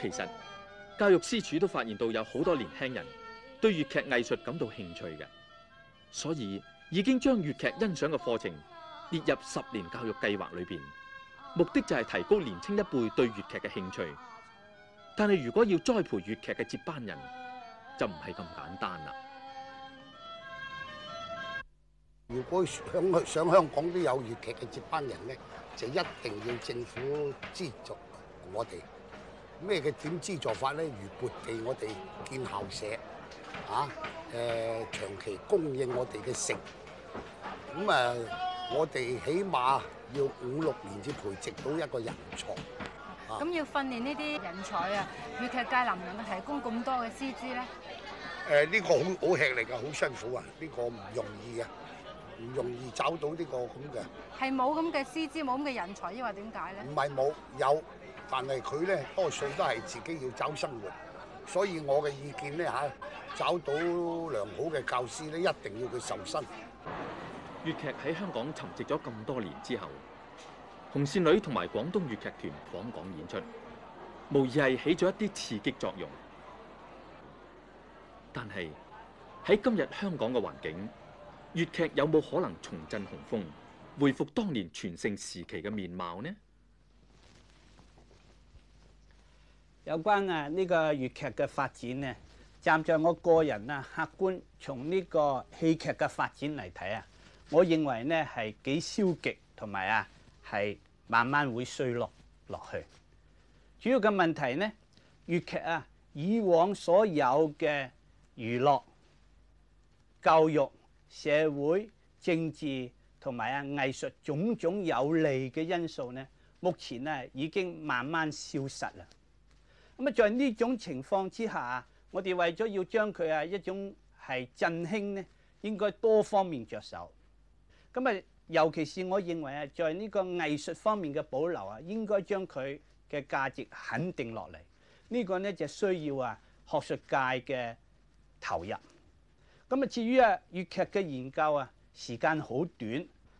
其實教育司署都發現到有好多年輕人對粵劇藝術感到興趣嘅，所以已經將粵劇欣賞嘅課程列入十年教育計劃裏邊，目的就係提高年青一輩對粵劇嘅興趣。但係如果要栽培粵劇嘅接班人，就唔係咁簡單啦。如果想想香港都有粵劇嘅接班人呢，就一定要政府資助我哋。咩嘅點資助法咧？如撥地我哋建校舍，啊誒、呃、長期供應我哋嘅食。咁、嗯、誒、啊，我哋起碼要五六年先培植到一個人才。咁、啊嗯、要訓練呢啲人才啊，粵劇界能唔能夠提供咁多嘅師資咧？誒呢、呃呢個好好吃力嘅，好辛苦啊！呢、呢個唔容易嘅、啊，唔容易找到呢個咁嘅。係冇咁嘅師資，冇咁嘅人才，因為點解咧？唔係冇，有。但係佢咧，多數都係自己要找生活，所以我嘅意見咧嚇，找到良好嘅教師咧，一定要佢受薪。粵劇喺香港沉寂咗咁多年之後，紅線女同埋廣東粵劇團訪港演出，無疑係起咗一啲刺激作用。但係喺今日香港嘅環境，粵劇有冇可能重振雄風，恢復當年全盛時期嘅面貌呢？有關啊呢個粵劇嘅發展咧，站在我個人啊客觀，從呢個戲劇嘅發展嚟睇啊，我認為咧係幾消極同埋啊係慢慢會衰落落去。主要嘅問題咧，粵劇啊以往所有嘅娛樂、教育、社會、政治同埋啊藝術種種有利嘅因素咧，目前咧啊已經慢慢消失啦。咁啊，在呢種情況之下，我哋為咗要將佢啊一種係振興咧，應該多方面着手。咁啊，尤其是我認為啊，在呢個藝術方面嘅保留啊，應該將佢嘅價值肯定落嚟。呢個咧就需要啊學術界嘅投入。咁啊，至於啊粵劇嘅研究啊，時間好短。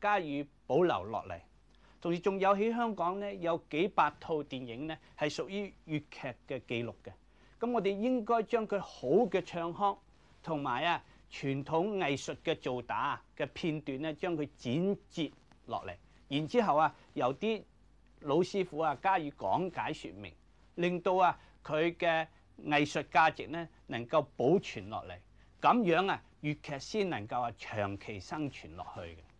加以保留落嚟，同時仲有喺香港咧，有幾百套電影咧係屬於粵劇嘅記錄嘅。咁我哋應該將佢好嘅唱腔同埋啊傳統藝術嘅做打嘅片段咧，將佢剪接落嚟，然之後啊由啲老師傅啊加以講解說明，令到啊佢嘅藝術價值咧能夠保存落嚟，咁樣啊粵劇先能夠啊長期生存落去嘅。